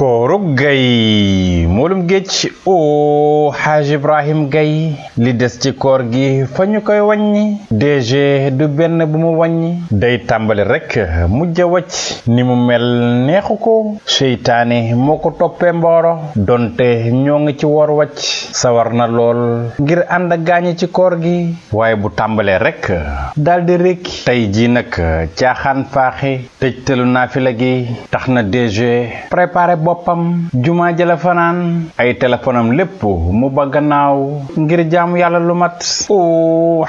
Koorug Gaye moolum géej o xaaj Ibrahim Gaye li des ci koor gi fa ñu koy wàññi DG du benn bu mu wàññi day tàmbali rekk mujj a wàcc ni mu mel neexu ko seytaane moo ko toppee mbooro doonte ñoo ngi ci woor wacc sawar na lool ngir ànd gaañi ci koor gi waaye bu tàmbalee rekk daldi rékki tey ji nag caaxaan faaxi tëjtalu naafila gi tax na DG préparé boppam jumaa jëla fanaan ay téléphonam lépp mu ba gannaaw ngir jaamu yàlla lu mat o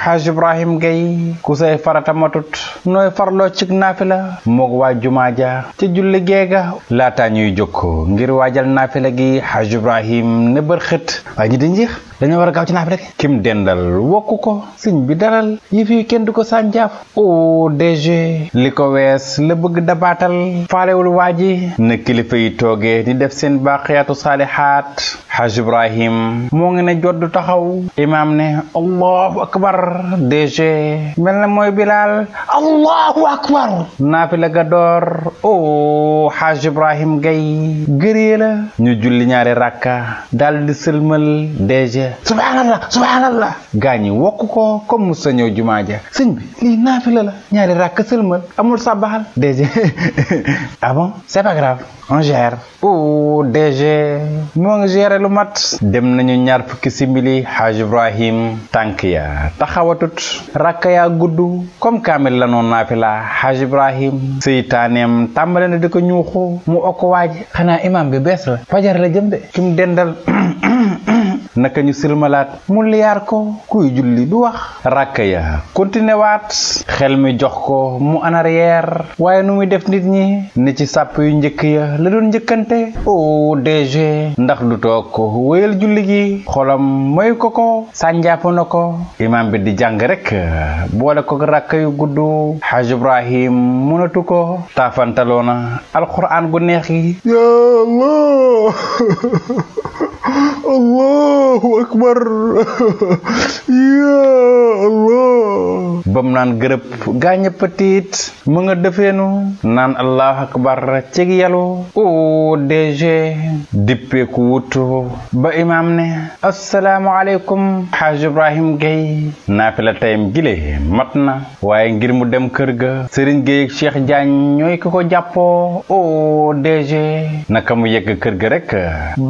xaaj ibrahim gay ku say farata matut nooy farloo cig naafila moog waa jumaa ja ca julli geega laataa ñuy jóg ngir waajal naafila gi xaaj ibrahim ne bër xët waaye njiix dañoo war a gaaw ci naaf rek kim dendal wokku ko sëñ bi daral yëf yi kenn du ko sànjaaf o DG li ko wees la bëgg dabaatal faalewul waa ji na kilifa yi toogee di def seen baaxiyaatu saalihaat xaj ibrahim moo ngi ne jodd taxaw imaam ne allahu akbar dg mel na mooy bilaal allahu akbar naafila ga door o oh, xaj ibrahim gay gëree la ñu julli ñaari rakka daal di sëlmal dg subhaanallah subhaanallah gaa ñi ko comme mu sa jumaa ja sëñ lii naafila ñaari rakka sëlmal amul sabaxal dg ah bon c'est pas grave on gère o oh, dg moo ngi lu mat dem nañu ñaar fukki simili xaaj ibrahim tànk ya taxawatut rakk yaa gudd comme kaamil la noon naafila xaaj ibrahim seytaaneem tàmbale na ñuuxu mu okk waaj xanaa imaam bi bees la fajar la jëm de dendal naka ñu silmalaat mu liyaar ko kuy julli du wax ràkka ya continué waat xel mi jox ko mu en arrière waaye nu muy def nit ñi ne ci sàpp yu njëkk ya la doon njëkkante o DG ndax du toog ko wéyal julli gi xolam mooy ko ko sànjàpp na ko imaam bi di jàng rek boole ko ràkka yu gudd xaaj Ibrahim mënatu ko taafantaloo na alxuraan gu neex gi الله أكبر يا الله ba mu naan gërëb gaaña petit mu nga defeenu naan allah akbar cig yalu o dg dippeeku wutu ba imaam ne asalaamualeykum xaaj ibrahim gay naafila tayam gile mat na waaye ngir mu dem kër ga sëriñ géey ak cheikh jaañ ñooy ki ko jàppoo o dg naka mu yegg kër gi rek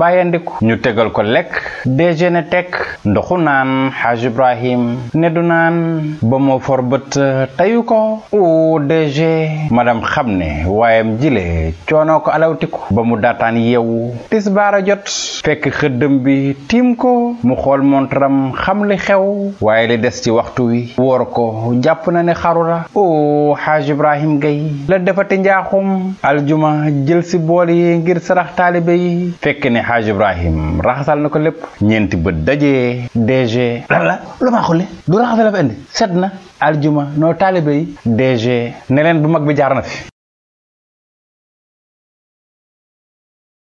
bàyyandiku ñu tegal ko lekk dg ne tekk ndoxu naan xaaj ibrahim ne du naan ba moo effort bët euh, tayu ko ODG madam xam ne waayam jile coono ko alawtiku ba mu daataan yeewu tisbaara jot fekk xëddëm bi tiim ko mu xool montram xam li xew waaye li des ci waxtu wi woor ko jàpp na ne xaru la o xaaj Ibrahim Gaye la defati njaaxum aljuma jël si bool yi ngir sarax taalibe yi fekk ne xaaj Ibrahim raxasal na ko lépp ñeenti bët dajee DG lan la du raxasal la fa indi set na aljuma noo taalibe yi DG ne leen bu mag bi jaar na fi